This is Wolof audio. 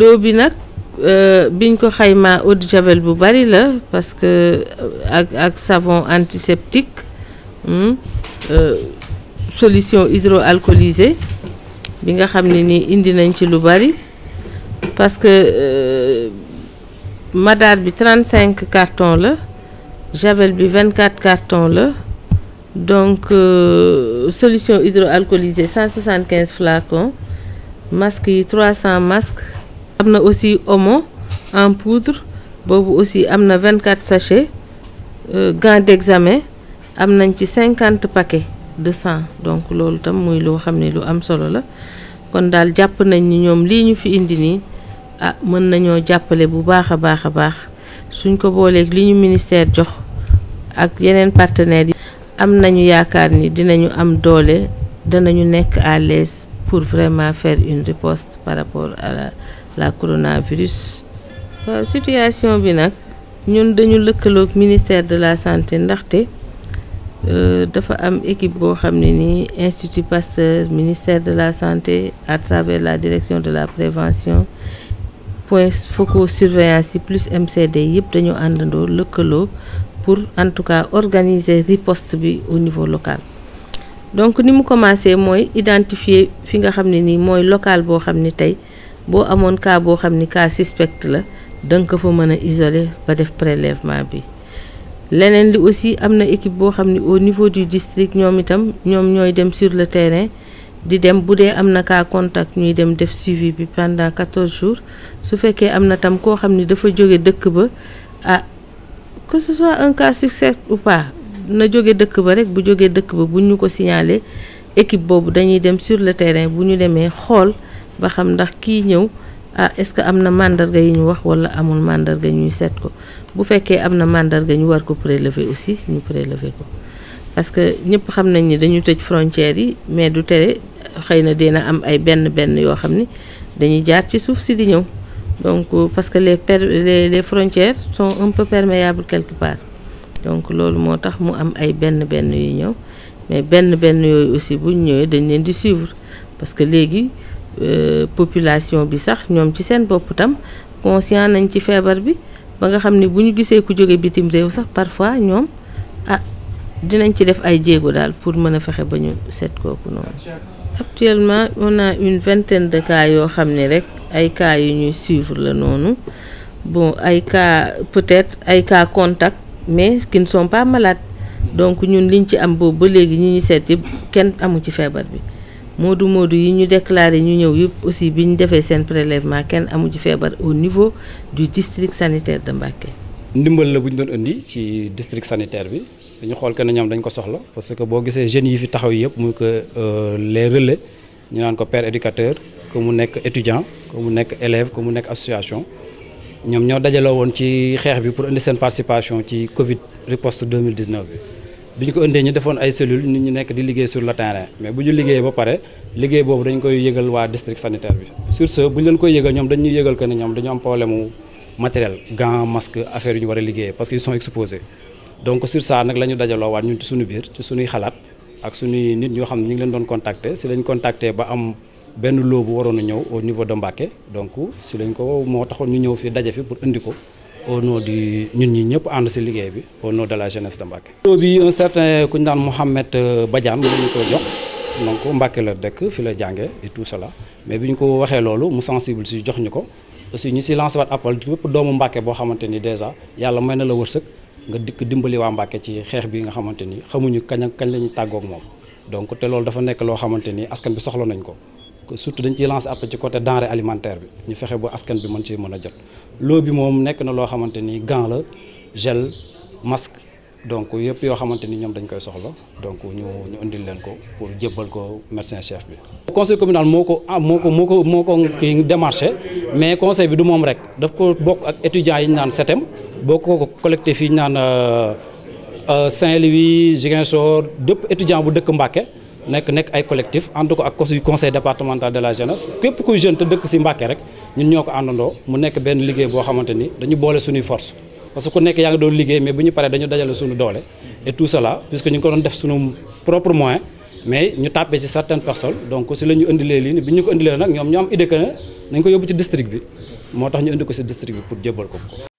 L'eau, binak nag euh, biñ ko xayma eau de javel bu parce que euh, ak savon antiseptique hmm, euh, solution hydroalcoolisée bi nga xamni ni indi nañ ci parce que euh, 35 cartons la javel bi 24 cartons donc solution hydroalcoolisée 175 flacons masque 300 masques amna aussi omo en poudre bobu aussi amna 24 sachets euh, gants d'examen am ci 50 paquets de sang donc lolou tam muy lo xam lu am solo la kon dal japp nañ ni ñom lii ñu fi indi ni ah mën nañu jappalé bu baax a baax suñ ko bolé li ñu ministère jox ak yenen partenaires yi. am nañu yaakaar ni dinañu am doole danañu nekk à l'aise pour vraiment faire une riposte par rapport à la la coronavirus La situation bi Nous ñun dañu lëkkaloog ministère de la santé ndaxte euh, dafa am équipe de l'Institut Pasteur, institut Pasteur ministère de la santé à travers la direction de la prévention point focus surveillance plus MCD yépp dañu àndandoo lëkkaloo pour en tout cas organiser riposte bi au niveau local donc ni mu commencé à identifier fi nga qui ont été. local bo boo amoon cas boo xam ni cas suspect la danga ko fa mën a isoler ba def prélèvement bi leneen li aussi am na équipe boo xam ni au niveau du district ñoom itam ñoom ñooy dem sur le terrain di dem bu dee am na cas contact ñuy dem def suivi bi pendant 14 jours su fekkee am na tam koo xam ni dafa jóge dëkk ba ah que ce soit un cas suspect ou na jóge dëkk ba rek bu jógee dëkk ba bu ñu ko signaler équipe boobu dañuy dem sur le terrain bu ñu demee xool. ba xam ndax kii ñëw ah est-ce que am na mandarga yi ñu wax wala amul mandarga ñuy seet ko bu fekkee am na mandarga ñu war ko prélever aussi ñu prélever ko parce que ñëpp xam nañ ni dañu tëj frontière yi mais du tere xëy na dina am ay benn benn yoo xam ni dañuy jaar ci suuf si di ñëw donc parce que les per les, les frontières sont un peu perméable quelque part donc loolu moo tax mu am ay benn benn yu ñëw mais benn benn yooyu aussi bu ñu ñëwee dañ leen di suivre parce que léegi. Euh, population bi sax ñoom ci seen bopp tam conscient nañ ci feebar bi ba nga xam ne bu ñu gisee ku jóge bitim réew sax parfois ñoom ah dinañ ci def ay jéego daal pour mën a fexe ba ñu set kooku noonu. actuellement on a une vingtaine de cas yoo xam ne rek ay cas yu ñuy suivre la noonu bon ay cas peut-être ay cas contact mais qui ne sont pas malades donc ñun liñ ci am boobu ba léegi ñi ñu seet yëpp kenn amu ci feebar bi. Modu Modu, yi ñu déclarer ñu ñëw yëpp aussi bi ñu defee seen prélèvement kenn amu ci feebar au niveau du district sanitaire de Mbacké. ndimbal la buñ doon indi ci district sanitaire bi dañu xool que ne ñoom dañ ko soxla parce que boo gisee jeunes yi fi taxaw yëpp muy que euh, les relais ñu naan ko père éducateur que mu nekk étudiant que mu nekk élève que mu nekk association. ñoom ñoo dajaloo woon ci xeex bi pour indi seen participation ci Covid riposte 2019 bi. bi ñu ko indee ñu defoon ay cellules nit ñi nekk di liggéey sur le terrain mais bu ñu liggéeyee ba pare liggéey boobu dañ koy yëgal waa district sanitaire bi sur ce bu ñu leen koy yëgal ñoom dañu yëgal ko ne ñoom dañu am problème mu matériel gants masque affaire yu ñu war a liggéeyee parce que ils sont exposés donc sur ça nag la ñu dajaloo waat ñun ci suñu biir ci suñuy xalaat ak suñuy nit ñoo xam ne ñu ngi leen doon contacter si lañ contacter ba am benn loobu waroon a ñëw au niveau de Mbacké donc si lañ ko moo taxoon ñu ñëw fii daje pour indi ko au nom du ñun ñi ñëpp ànd si liggéey bi au nom de la jeunesse de Mbacké. nom bi un certain ku ñu daan Mouhamed euh, Badiane na ñu ko jox donc Mbacké la dëkk fi la jàngee et tout la mais bi ñu ko waxee loolu mu sensible si jox ñu ko aussi ñu si lancé waat appel bépp doomu Mbacké boo xamante ni dèjà yàlla may na la wërsëg nga dikk dimbali waa Mbacké ci xeex bi nga xamante ni xamuñu kañ ak kañ la ñuy tàggoog moom donc te loolu dafa nekk loo xamante ni askan bi soxla nañ ko. surtout dañ ci lancé après ci côté denrée alimentaire bi ñu fexé bu askan bi mën ci mëna a jot loo bi mom nekk na lo xamanteni gant la gel masque donc yépp yo xamanteni ñom dañ koy soxla donc ñu ñu andil leen ko pour djébal ko médecin chef bi. conseil communal moko moko ah, moko moko ko moo démarché mais conseil bi du mom rek daf ko bokk ak étudiant yi ñu naan SETEM bokk ko collectif fi ñu euh, euh Saint-Louis Ziguinchor dëpp étudiant bu dëkk Mbacké. nekk nekk ay collectif ànd ko ak conseil départemental de la jeunesse képp kuy jeune te dëkk si Mbàkke rek ñun ñoo ko àndandoo mu nekk benn liggéey boo xamante ni dañu boole suñuy force parce que ku nekk yaa ngi doon liggéey mais bu ñu paree dañu dajale suñu doole et tout cela puisque ñu ko def suñu propre moyen mais ñu tàppee ci certaines personnes donc si la indilee lii ni bi ñu ko indilee nag ñoom ñoo am idée que nañ ko yóbbu ci district ñu ko pour ko